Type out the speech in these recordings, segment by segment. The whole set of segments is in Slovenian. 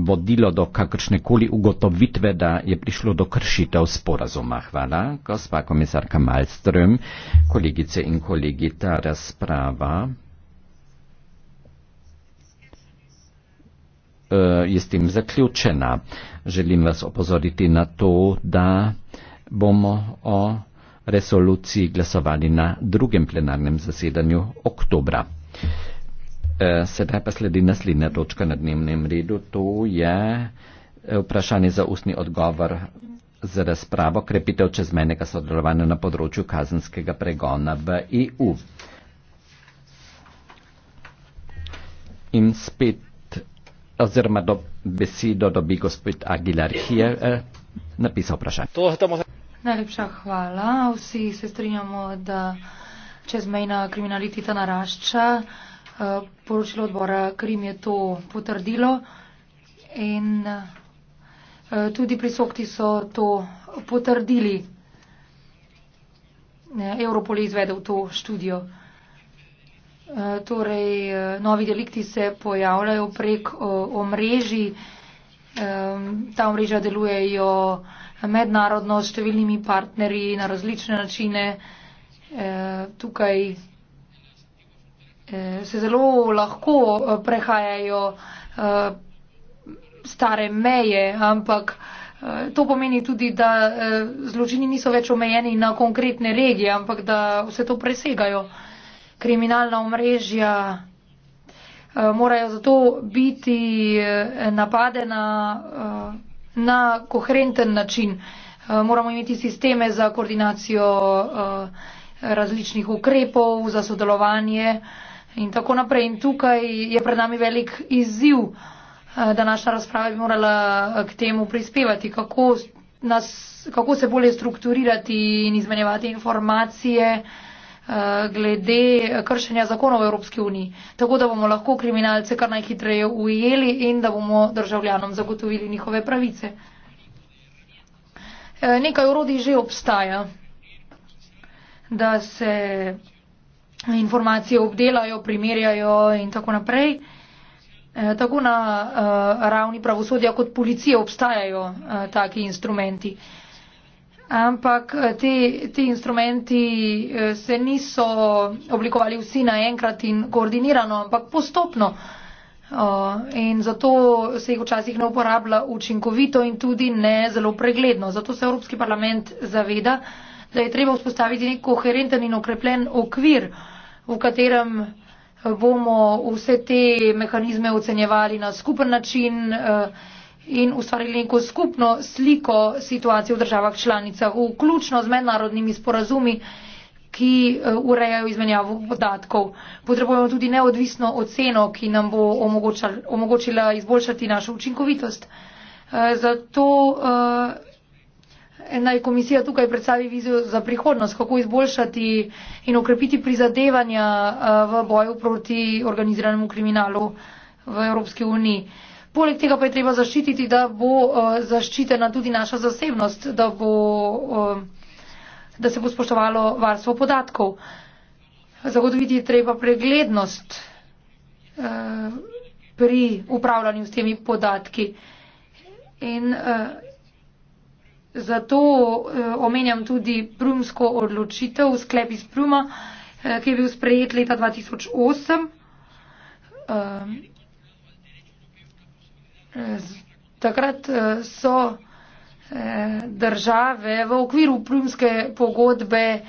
vodilo do kakršne koli ugotovitve, da je prišlo do kršitev sporazuma. Hvala, gospa komisarka Malström, kolegice in kolegi, ta razprava. E, je s tem zaključena. Želim vas opozoriti na to, da bomo o resoluciji glasovali na drugem plenarnem zasedanju oktobra. E, sedaj pa sledi naslednja točka na dnevnem redu. To je e, vprašanje za ustni odgovor z razpravo krepitev čezmenega sodelovanja na področju kazenskega pregona v EU. In spet, oziroma do besedo dobi gospod Aguilar, ki je napisal vprašanje. Najlepša hvala. Vsi se strinjamo, da čezmejna kriminaliteta narašča. Eh, poročilo odbora Krim je to potrdilo in eh, tudi prisokti so to potrdili. Eh, Europol je izvedel to študijo. Torej, novi delikti se pojavljajo prek omrežji. Ta omrežja delujejo mednarodno s številnimi partnerji na različne načine. Tukaj Eh, se zelo lahko eh, prehajajo eh, stare meje, ampak to pomeni tudi, da zločini niso več omejeni na konkretne regije, ampak da vse to presegajo. Kriminalna omrežja morajo zato biti napadena na koherenten način. Moramo imeti sisteme za koordinacijo različnih ukrepov, za sodelovanje in tako naprej. In tukaj je pred nami velik izziv, eh, da naša razprava bi morala eh, k temu prispevati, kako, nas, kako se bolje strukturirati in izmenjevati informacije eh, glede kršenja zakonov v Evropski uniji, tako da bomo lahko kriminalce kar najhitreje ujeli in da bomo državljanom zagotovili njihove pravice. Nekaj urodi že obstaja, da se informacije obdelajo, primerjajo in tako naprej. E, tako na e, ravni pravosodja kot policije obstajajo e, taki instrumenti. Ampak te, te instrumenti se niso oblikovali vsi naenkrat in koordinirano, ampak postopno. In zato se jih včasih ne uporablja učinkovito in tudi ne zelo pregledno. Zato se Evropski parlament zaveda, da je treba vzpostaviti nek koherenten in okrepljen okvir v katerem bomo vse te mehanizme ocenjevali na skupen način eh, in ustvarili neko skupno sliko situacije v državah članicah, vključno z mednarodnimi sporazumi, ki eh, urejajo izmenjavo podatkov. Potrebujemo tudi neodvisno oceno, ki nam bo omogočila izboljšati našo učinkovitost. Eh, zato naj komisija tukaj predstavi vizijo za prihodnost, kako izboljšati in okrepiti prizadevanja eh, v boju proti organiziranemu kriminalu v Evropski uniji. Poleg tega pa je treba zaščititi, da bo eh, zaščitena tudi naša zasebnost, da, bo, eh, da se bo spoštovalo varstvo podatkov. Zagotoviti je treba preglednost pri upravljanju s temi podatki. In, Zato eh, omenjam tudi prumsko odločitev, sklep iz pruma, eh, ki je bil sprejet leta 2008. Eh, eh takrat eh, so eh, države v okviru prumske pogodbe eh,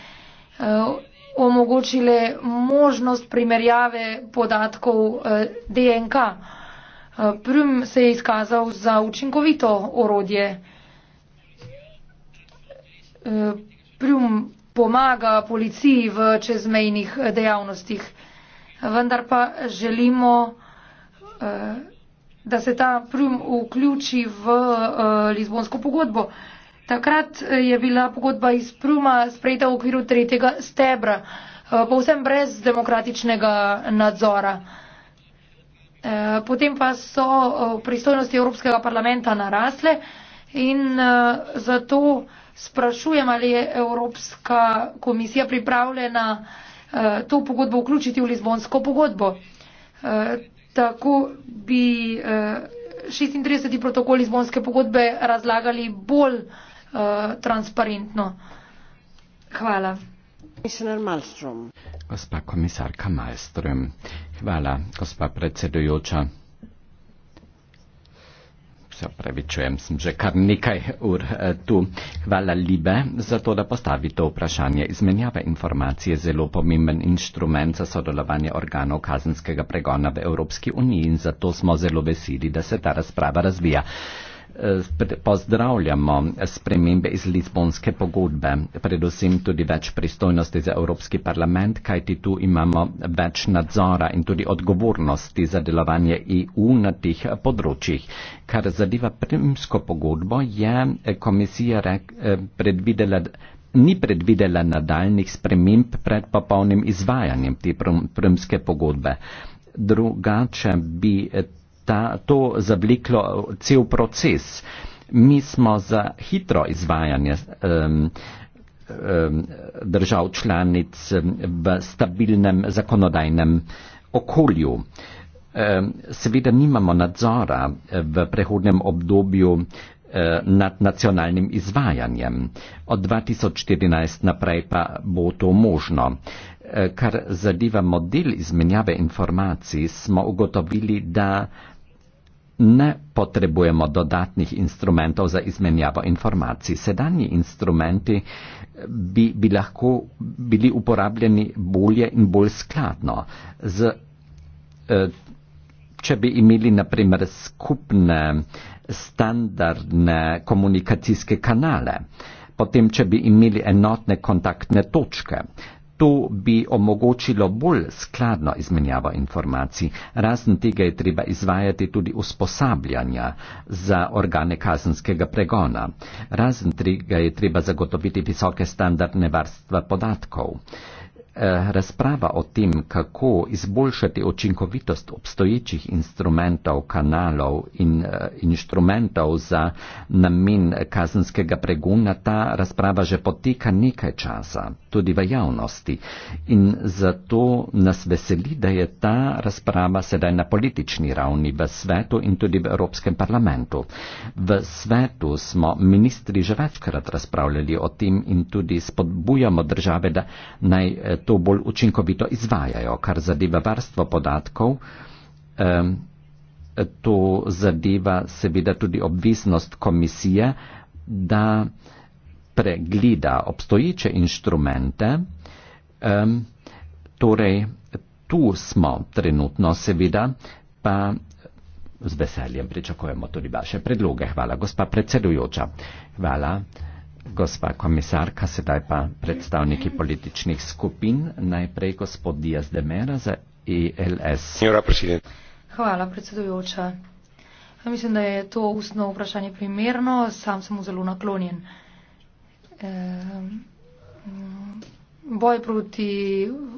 omogočile možnost primerjave podatkov eh, DNK. Eh, prum se je izkazal za učinkovito orodje. Prium pomaga policiji v čezmejnih dejavnostih, vendar pa želimo, eh, da se ta Prium vključi v eh, Lizbonsko pogodbo. Takrat eh, je bila pogodba iz Pruma sprejeta v okviru tretjega stebra, povsem brez demokratičnega nadzora. Potem pa so pristojnosti Evropskega parlamenta narasle in zato sprašujem, ali je Evropska komisija pripravljena eh, to pogodbo vključiti v Lizbonsko pogodbo. Eh, tako bi 36. Eh, protokol Lizbonske pogodbe razlagali bolj transparentno. Hvala. Gospa komisarka Malström. Hvala, gospa predsedujoča se opravičujem, sem že kar nekaj ur eh, tu. Hvala Libe za to, da postavi to vprašanje. Izmenjava informacij je zelo pomemben inštrument za sodelovanje organov kazenskega pregona v Evropski uniji in zato smo zelo veseli, da se ta razprava razvija pozdravljamo spremembe iz Lizbonske pogodbe, predvsem tudi več pristojnosti za Evropski parlament, kajti tu imamo več nadzora in tudi odgovornosti za delovanje EU na teh področjih. Kar zadeva primsko pogodbo, je komisija rek, predvidela, ni predvidela nadaljnih sprememb pred popolnim izvajanjem te primske pogodbe. Drugače bi ta, to zabliklo cel proces. Mi smo za hitro izvajanje um, um, držav članic v stabilnem zakonodajnem okolju. Um, seveda nimamo nadzora v prehodnem obdobju e, nad nacionalnim izvajanjem. Od 2014 naprej pa bo to možno. E, kar zadeva model izmenjave informacij, smo ugotovili, da ne potrebujemo dodatnih instrumentov za izmenjavo informacij. Sedanji instrumenti bi, bi lahko bili uporabljeni bolje in bolj skladno. Z, eh, če bi imeli naprimer skupne standardne komunikacijske kanale, potem če bi imeli enotne kontaktne točke, To bi omogočilo bolj skladno izmenjavo informacij. Razen tega je treba izvajati tudi usposabljanja za organe kazenskega pregona. Razen tega je treba zagotoviti visoke standardne varstva podatkov. Eh, razprava o tem, kako izboljšati očinkovitost obstoječih instrumentov, kanalov in eh, inštrumentov za namen kazenskega pregona, ta razprava že poteka nekaj časa, tudi v javnosti. In zato nas veseli, da je ta razprava sedaj na politični ravni v svetu in tudi v Evropskem parlamentu. V svetu smo ministri že večkrat razpravljali o tem in tudi spodbujamo države, da naj eh, to bolj učinkovito izvajajo, kar zadeva varstvo podatkov. To zadeva seveda tudi obveznost komisije, da pregleda obstoječe inštrumente. Torej, tu smo trenutno seveda, pa z veseljem pričakujemo tudi vaše predloge. Hvala, gospa predsedujoča. Hvala. Gospa komisarka, sedaj pa predstavniki političnih skupin. Najprej gospod Diaz de Mera za ILS. E Hvala, predsedujoča. Ja, mislim, da je to ustno vprašanje primerno, sam sem mu zelo naklonjen. Ehm, boj proti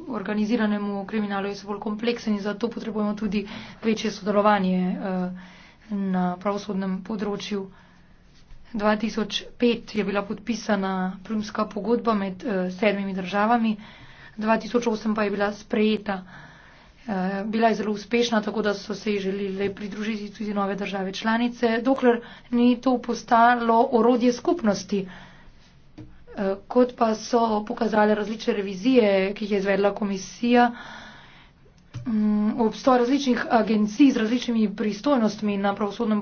organiziranemu kriminalu je vse bolj kompleksen in zato potrebujemo tudi večje sodelovanje ehm, na pravosodnem področju. Ehm, 2005 je bila podpisana primska pogodba med eh, sedmimi državami, 2008 pa je bila sprejeta. Eh, bila je zelo uspešna, tako da so se ji želeli pridružiti tudi nove države članice, dokler ni to postalo orodje skupnosti. Eh, kot pa so pokazale različne revizije, ki jih je izvedla komisija, mm, obstoja različnih agencij z različnimi pristojnostmi na pravosodnem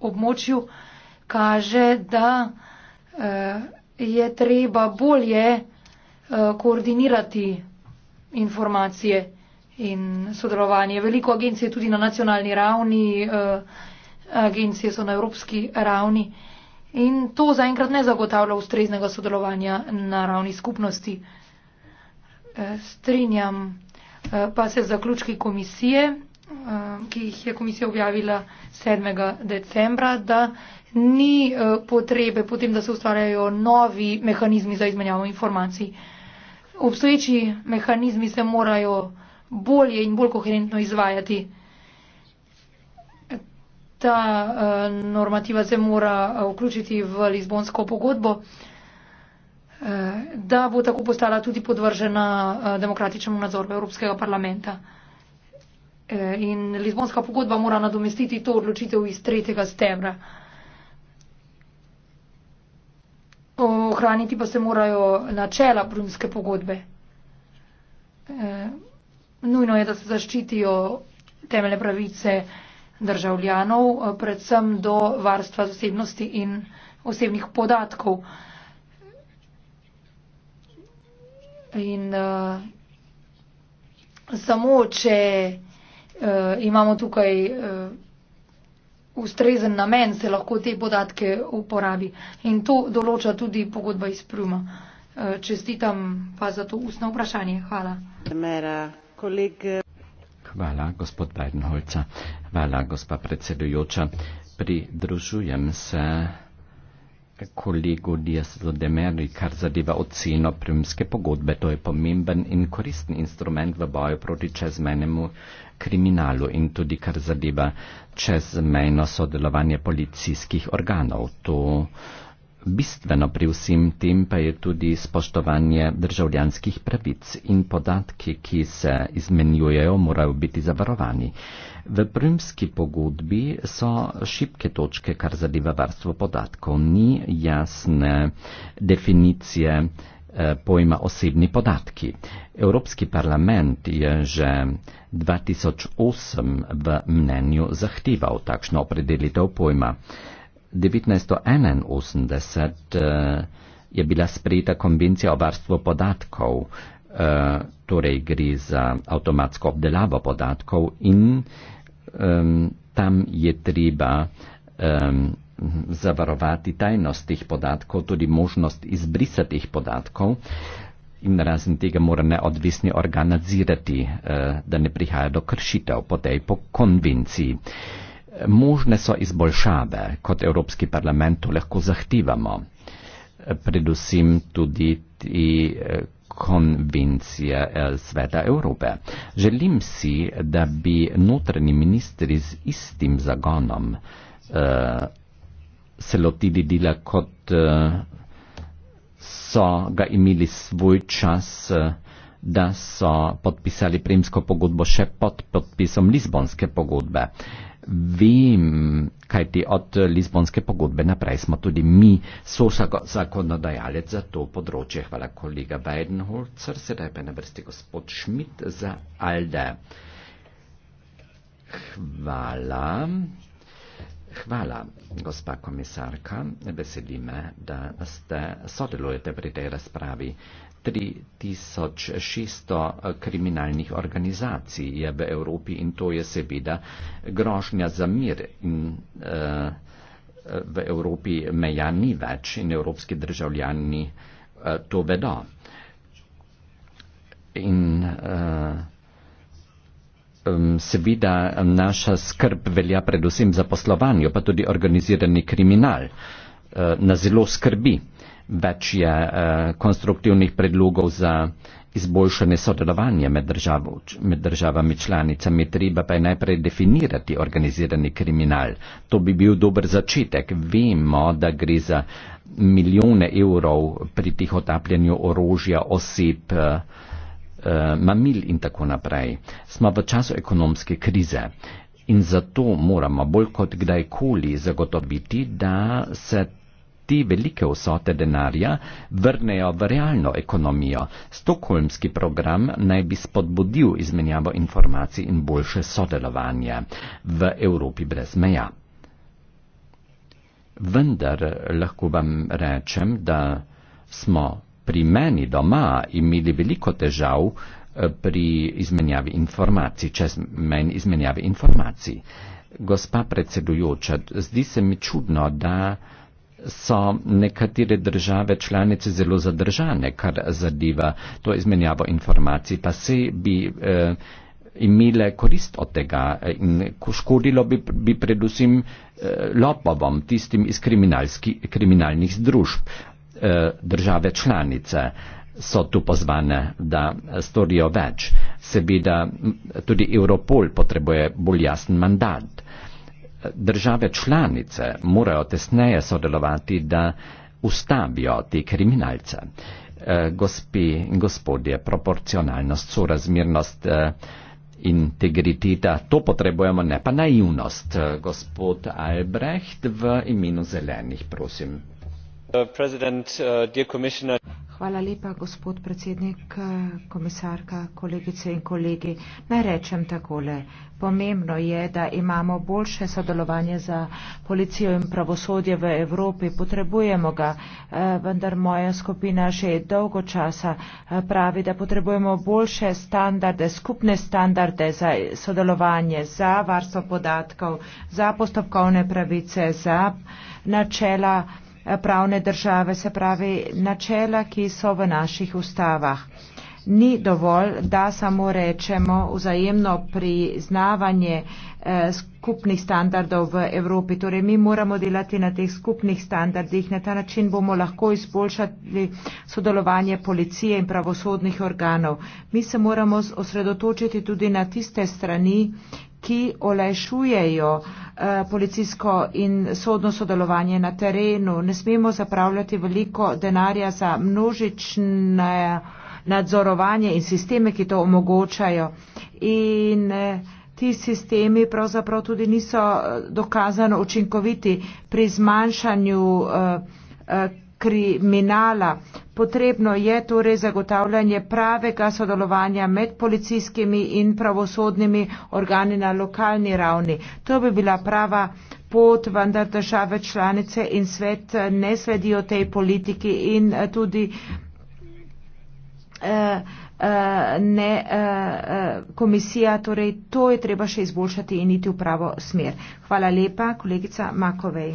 območju kaže, da eh, je treba bolje eh, koordinirati informacije in sodelovanje. Veliko agencije tudi na nacionalni ravni, eh, agencije so na evropski ravni in to zaenkrat ne zagotavlja ustreznega sodelovanja na ravni skupnosti. Strinjam pa se zaključki komisije. Eh, ki jih je komisija objavila 7. decembra, da ni eh, potrebe potem, da se ustvarjajo novi mehanizmi za izmenjavo informacij. Obstoječi mehanizmi se morajo bolje in bolj koherentno izvajati. Ta eh, normativa se mora vključiti v Lizbonsko pogodbo, da bo tako postala tudi podvržena demokratičnemu nadzoru Evropskega parlamenta. Eh, in Lizbonska pogodba mora nadomestiti to odločitev iz tretjega stebra. Ohraniti pa se morajo načela brunske pogodbe. Eh, nujno je, da se zaščitijo temeljne pravice državljanov, eh, predvsem do varstva zasebnosti in osebnih podatkov. In uh, samo če uh, imamo tukaj uh, ustrezen namen, se lahko te podatke uporabi. In to določa tudi pogodba iz Pruma. Uh, čestitam pa za to ustno vprašanje. Hvala. Hvala, gospod Bajdenholca. Hvala, gospa predsedujoča. Pridružujem se kolegu Diasa de Merri, kar zadeva oceno primske pogodbe. To je pomemben in koristen instrument v boju proti čezmenemu kriminalu in tudi kar zadeva čezmejno sodelovanje policijskih organov. To uh, Bistveno pri vsem tem pa je tudi spoštovanje državljanskih pravic in podatki, ki se izmenjujejo, morajo biti zavarovani. V primski pogodbi so šibke točke, kar zadeva varstvo podatkov. Ni jasne definicije eh, pojma osebni podatki. Evropski parlament je že 2008 v mnenju zahteval takšno opredelitev pojma. 1981 eh, je bila sprejeta konvencija o varstvu podatkov, eh, torej gre za avtomatsko obdelavo podatkov in tam je treba zavarovati tajnost teh podatkov, tudi možnost izbrisa teh podatkov in razen tega mora neodvisni organizirati, eh, da ne prihaja do kršitev po tej po konvenciji. Možne so izboljšave, kot Evropski parlament to lahko zahtevamo. Predvsem tudi ti eh, konvencije eh, Sveta Evrope. Želim si, da bi notranji ministri z istim zagonom eh, se lotili dela, kot eh, so ga imeli svoj čas, eh, da so podpisali premsko pogodbo še pod podpisom Lizbonske pogodbe. Eh, vem, kaj ti od eh, Lizbonske pogodbe naprej smo tudi mi sozakonodajalec za to področje. Hvala kolega Weidenholzer, sedaj pa na vrsti gospod Schmidt za Alde. Hvala. Hvala, gospa komisarka. Veseli me, da ste sodelujete pri tej razpravi. 3600 kriminalnih organizacij je v Evropi in to je seveda grožnja za mir. In, uh, v Evropi meja ni več in evropski državljani uh, to vedo. In uh, um, seveda naša skrb velja predvsem za poslovanje, pa tudi organizirani kriminal uh, na zelo skrbi več je eh, konstruktivnih predlogov za izboljšanje sodelovanja med, državo, med državami članicami. Treba pa je najprej definirati organizirani kriminal. To bi bil dober začetek. Vemo, da gre za milijone evrov pri tih otapljanju orožja, oseb, eh, eh, mamil in tako naprej. Smo v času ekonomske krize. In zato moramo bolj kot kdajkoli zagotoviti, da se te velike vsote denarja vrnejo v realno ekonomijo. Stokholmski program naj bi spodbudil izmenjavo informacij in boljše sodelovanje v Evropi brez meja. Vendar lahko vam rečem, da smo pri meni doma imeli veliko težav eh, pri izmenjavi informacij, čez meni izmenjavi informacij. Gospa predsedujoča, zdi se mi čudno, da so nekatere države članice zelo zadržane, kar zadeva to izmenjavo informacij, pa se bi eh, imele korist od tega eh, in škodilo bi, bi predvsem eh, lopovom, tistim iz kriminalnih združb. Eh, države članice so tu pozvane, da eh, storijo več. Seveda tudi Europol potrebuje bolj jasen mandat države članice morajo tesneje sodelovati, da ustavijo te kriminalce. Eh, gospi in gospodje, proporcionalnost, sorazmernost, eh, integriteta, to potrebujemo, ne pa naivnost. Eh, gospod Albrecht v imenu zelenih, prosim. Uh, president, uh, dear commissioner... Hvala lepa, gospod predsednik, komisarka, kolegice in kolegi. Naj rečem takole. Pomembno je, da imamo boljše sodelovanje za policijo in pravosodje v Evropi. Potrebujemo ga, eh, vendar moja skupina že dolgo časa eh, pravi, da potrebujemo boljše standarde, skupne standarde za sodelovanje, za varstvo podatkov, za postopkovne pravice, za načela pravne države, se pravi načela, ki so v naših ustavah ni dovolj, da samo rečemo vzajemno priznavanje eh, skupnih standardov v Evropi. Torej, mi moramo delati na teh skupnih standardih. Na ta način bomo lahko izboljšali sodelovanje policije in pravosodnih organov. Mi se moramo osredotočiti tudi na tiste strani, ki olajšujejo eh, policijsko in sodno sodelovanje na terenu. Ne smemo zapravljati veliko denarja za množične nadzorovanje in sisteme, ki to omogočajo. In eh, ti sistemi pravzaprav tudi niso eh, dokazano učinkoviti pri zmanjšanju eh, kriminala. Potrebno je torej zagotavljanje pravega sodelovanja med policijskimi in pravosodnimi organi na lokalni ravni. To bi bila prava pot, vendar države članice in svet ne sledijo tej politiki in tudi Eh, eh, ne, eh, komisija, torej to je treba še izboljšati in iti v pravo smer. Hvala lepa, kolegica Makovej.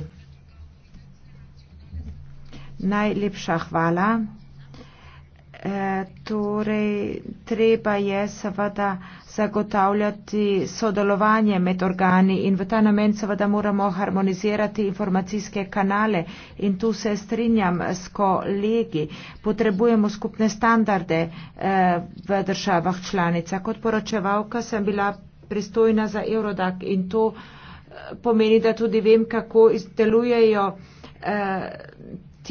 Najlepša hvala. Eh, torej treba je seveda zagotavljati sodelovanje med organi in v ta namen seveda moramo harmonizirati informacijske kanale in tu se strinjam s kolegi. Potrebujemo skupne standarde eh, v državah članica. Kot poročevalka sem bila pristojna za Eurodak in to eh, pomeni, da tudi vem, kako izdelujejo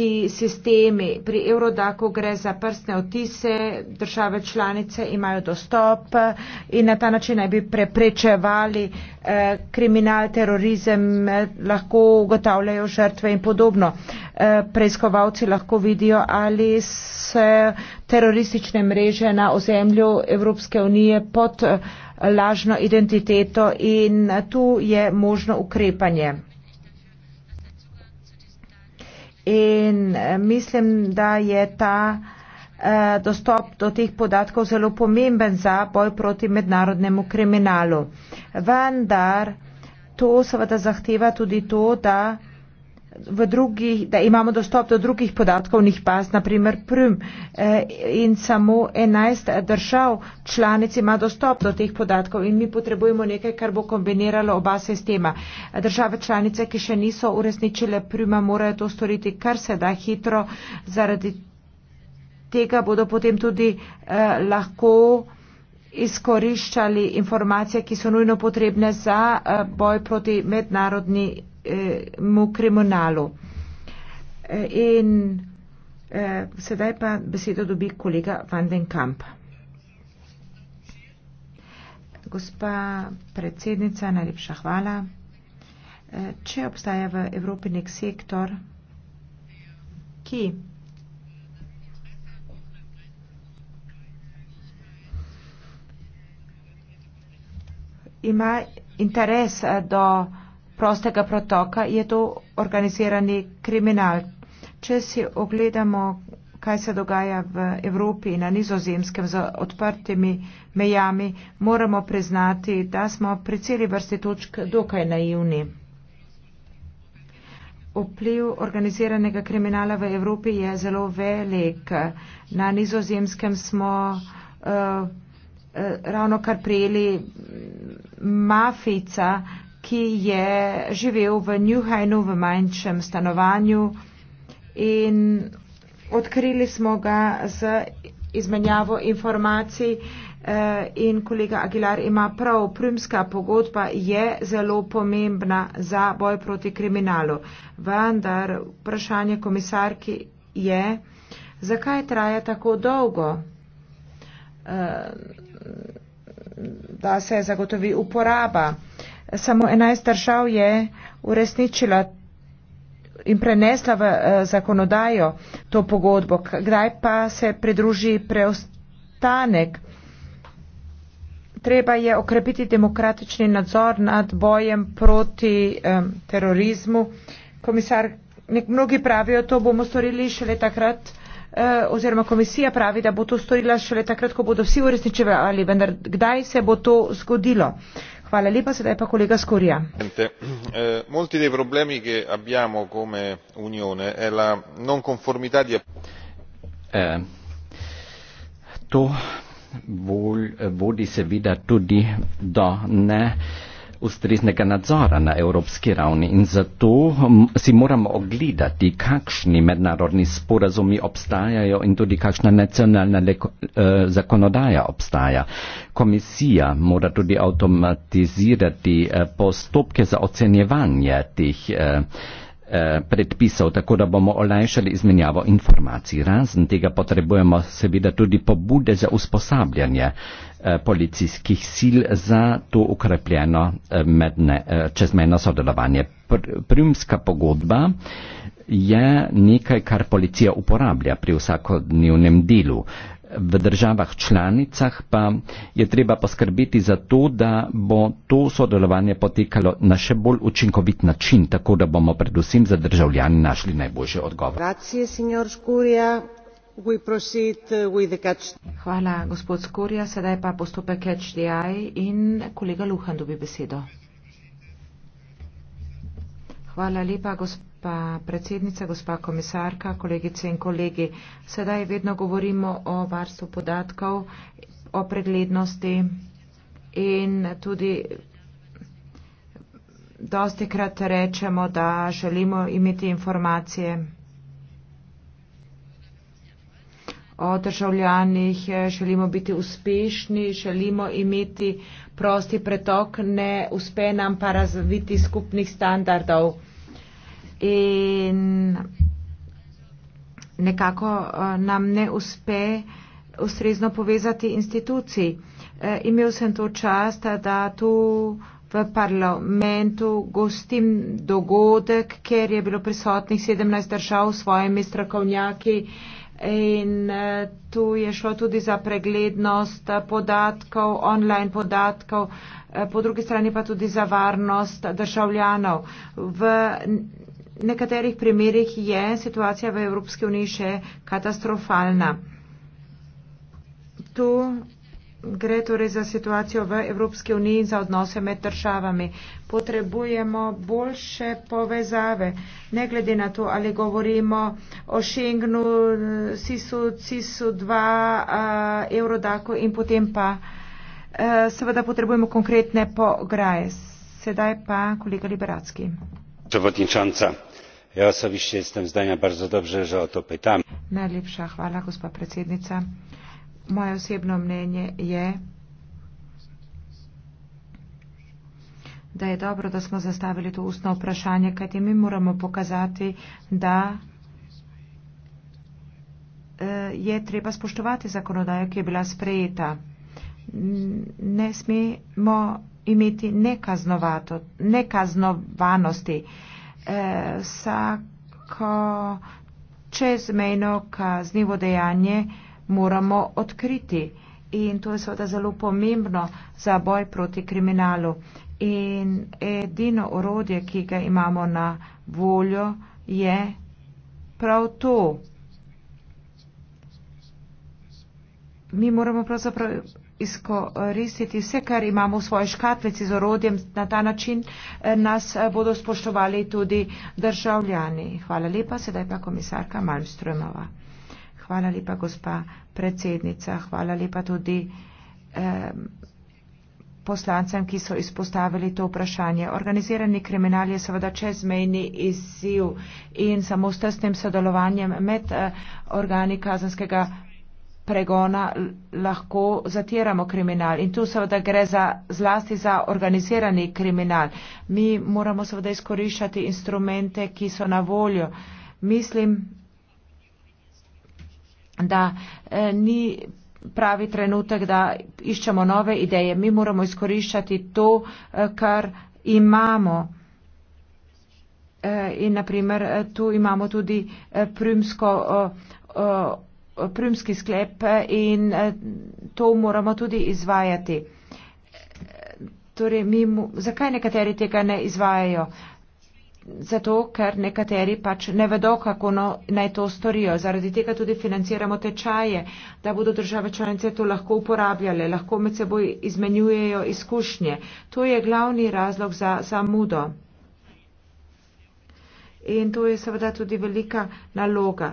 ti sistemi. Pri Eurodaku gre za prstne otise, države članice imajo dostop eh, in na ta način naj bi preprečevali eh, kriminal, terorizem, eh, lahko ugotavljajo žrtve in podobno. Eh, preiskovalci lahko vidijo, ali se teroristične mreže na ozemlju Evropske unije pod eh, lažno identiteto in tu je možno ukrepanje. In eh, mislim, da je ta eh, dostop do teh podatkov zelo pomemben za boj proti mednarodnemu kriminalu. Vendar to seveda zahteva tudi to, da v drugih, da imamo dostop do drugih podatkovnih baz, naprimer Prüm. Eh, in samo 11 držav članic ima dostop do teh podatkov in mi potrebujemo nekaj, kar bo kombiniralo oba sistema. Države članice, ki še niso uresničile Prüma, morajo to storiti kar se da hitro, zaradi tega bodo potem tudi eh, lahko izkoriščali informacije, ki so nujno potrebne za eh, boj proti mednarodni eh, mokremo nalo. Eh, in eh, sedaj pa besedo dobi kolega Van den Kamp. Gospa predsednica, najlepša hvala. Eh, če obstaja v Evropi nek sektor, ki. ima interes eh, do uh, prostega protoka, je to organizirani kriminal. Če si ogledamo, kaj se dogaja v Evropi in na nizozemskem z odprtimi mejami, moramo priznati, da smo pri celi vrsti točk dokaj naivni. Vpliv organiziranega kriminala v Evropi je zelo velik. Na nizozemskem smo uh, eh, uh, eh, ravno kar prijeli mm, mafica, ki je živel v Njuhajnu v manjšem stanovanju in odkrili smo ga z izmenjavo informacij eh, in kolega Aguilar ima prav, primska pogodba je zelo pomembna za boj proti kriminalu. Vendar vprašanje komisarki je, zakaj traja tako dolgo, eh, da se zagotovi uporaba samo 11 držav je uresničila in prenesla v eh, zakonodajo to pogodbo. Kdaj pa se pridruži preostanek? Treba je okrepiti demokratični nadzor nad bojem proti um, terorizmu. Komisar, nek, mnogi pravijo, to bomo storili šele takrat, uh, oziroma komisija pravi, da bo to storila šele takrat, ko bodo vsi uresničevali, vendar kdaj se bo to zgodilo? Eh, molti dei problemi che abbiamo come unione è la non conformità di approcci. Eh, ustreznega nadzora na evropski ravni in zato hm, si moramo ogledati, kakšni mednarodni sporazumi obstajajo in tudi kakšna nacionalna leko, eh, zakonodaja obstaja. Komisija mora tudi automatizirati eh, postopke za ocenjevanje teh eh, Eh, predpisov, tako da bomo olajšali izmenjavo informacij. Razen tega potrebujemo seveda tudi pobude za usposabljanje eh, policijskih sil za to ukrepljeno eh, medne, čezmejno sodelovanje. Primska pogodba je nekaj, kar policija uporablja pri vsakodnevnem delu v državah članicah pa je treba poskrbeti za to, da bo to sodelovanje potekalo na še bolj učinkovit način, tako da bomo predvsem za državljani našli najboljše odgovore. Hvala, gospod Skorja. Sedaj pa postopek HDI in kolega Luhan dobi besedo. Hvala lepa, gospod pa predsednica, gospa komisarka, kolegice in kolegi. Sedaj vedno govorimo o varstvu podatkov, o preglednosti in tudi dosti krat rečemo, da želimo imeti informacije o državljanih, želimo biti uspešni, želimo imeti prosti pretok, ne uspe nam pa razviti skupnih standardov in nekako eh, nam ne uspe ustrezno povezati institucij. Eh, imel sem to čast, da tu v parlamentu gostim dogodek, ker je bilo prisotnih 17 držav s svojimi strokovnjaki in eh, tu je šlo tudi za preglednost podatkov, online podatkov, po drugi strani pa tudi za varnost državljanov. V V nekaterih primerih je situacija v Evropski uniji še katastrofalna. Tu gre torej za situacijo v Evropski uniji in za odnose med državami. Potrebujemo boljše povezave, ne glede na to, ali govorimo o Schengenu, CISU, CISU 2, uh, Eurodaku in potem pa uh, seveda potrebujemo konkretne pograje. Sedaj pa kolega Liberacki. Przewodnicząca ja osobiście jestem zdania bardzo dobrze że o to pytam najlepsza chwała gospa predsjednica moje osobne mnenie je da je dobro da smo zastavili to ustno vprašanje kajti mi moramo pokazati da eh, je treba spoštovati zakonodajo ki je bila sprejeta ne smemo imeti nekaznovato nekaznovanosti vsako čezmejno kaznivo dejanje moramo odkriti. In to je seveda zelo pomembno za boj proti kriminalu. In edino orodje, ki ga imamo na voljo, je prav to. Mi moramo pravzaprav izkoristiti vse, kar imamo v svoji škatlici z orodjem. Na ta način eh, nas eh, bodo spoštovali tudi državljani. Hvala lepa, sedaj pa komisarka Malmströmova. Hvala lepa, gospa predsednica. Hvala lepa tudi eh, poslancem, ki so izpostavili to vprašanje. Organizirani kriminal je seveda čezmejni izziv in samo s tesnim sodelovanjem med organi kazanskega pregona lahko zatiramo kriminal. In tu seveda gre za, zlasti za organizirani kriminal. Mi moramo seveda izkoriščati instrumente, ki so na voljo. Mislim, da eh, ni pravi trenutek, da iščemo nove ideje. Mi moramo izkoriščati to, eh, kar imamo. Eh, in naprimer, eh, tu imamo tudi eh, primsko. Eh, eh prvski sklep in eh, to moramo tudi izvajati. Torej, mu, zakaj nekateri tega ne izvajajo? Zato, ker nekateri pač ne vedo, kako no, naj to storijo. Zaradi tega tudi financiramo tečaje, da bodo države članice to lahko uporabljale, lahko med seboj izmenjujejo izkušnje. To je glavni razlog za zamudo. In to je seveda tudi velika naloga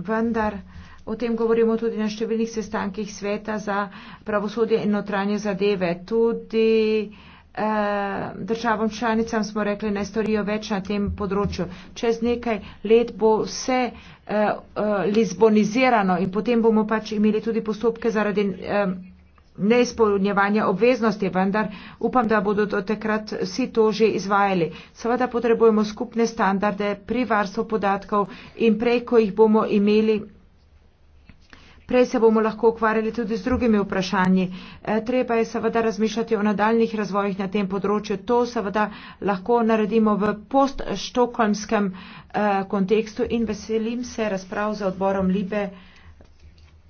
vendar o tem govorimo tudi na številnih sestankih sveta za pravosodje in notranje zadeve. Tudi eh, državam članicam smo rekli, naj storijo več na tem področju. Čez nekaj let bo vse eh, eh, lizbonizirano in potem bomo pač imeli tudi postopke zaradi. Eh, neizpolnjevanja obveznosti, vendar upam, da bodo do takrat vsi to že izvajali. Seveda potrebujemo skupne standarde pri varstvu podatkov in prej, ko jih bomo imeli. Prej se bomo lahko ukvarjali tudi z drugimi vprašanji. E, treba je seveda razmišljati o nadaljnih razvojih na tem področju. To seveda lahko naredimo v poststokholmskem e, kontekstu in veselim se razprav za odborom Libe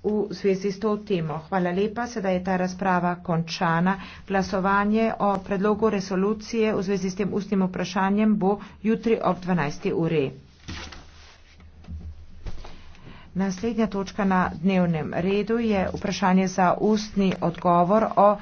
v zvezi s to temo. Hvala lepa, sedaj je ta razprava končana. Glasovanje o predlogu resolucije v zvezi s tem ustnim vprašanjem bo jutri ob 12. uri. Naslednja točka na dnevnem redu je vprašanje za ustni odgovor o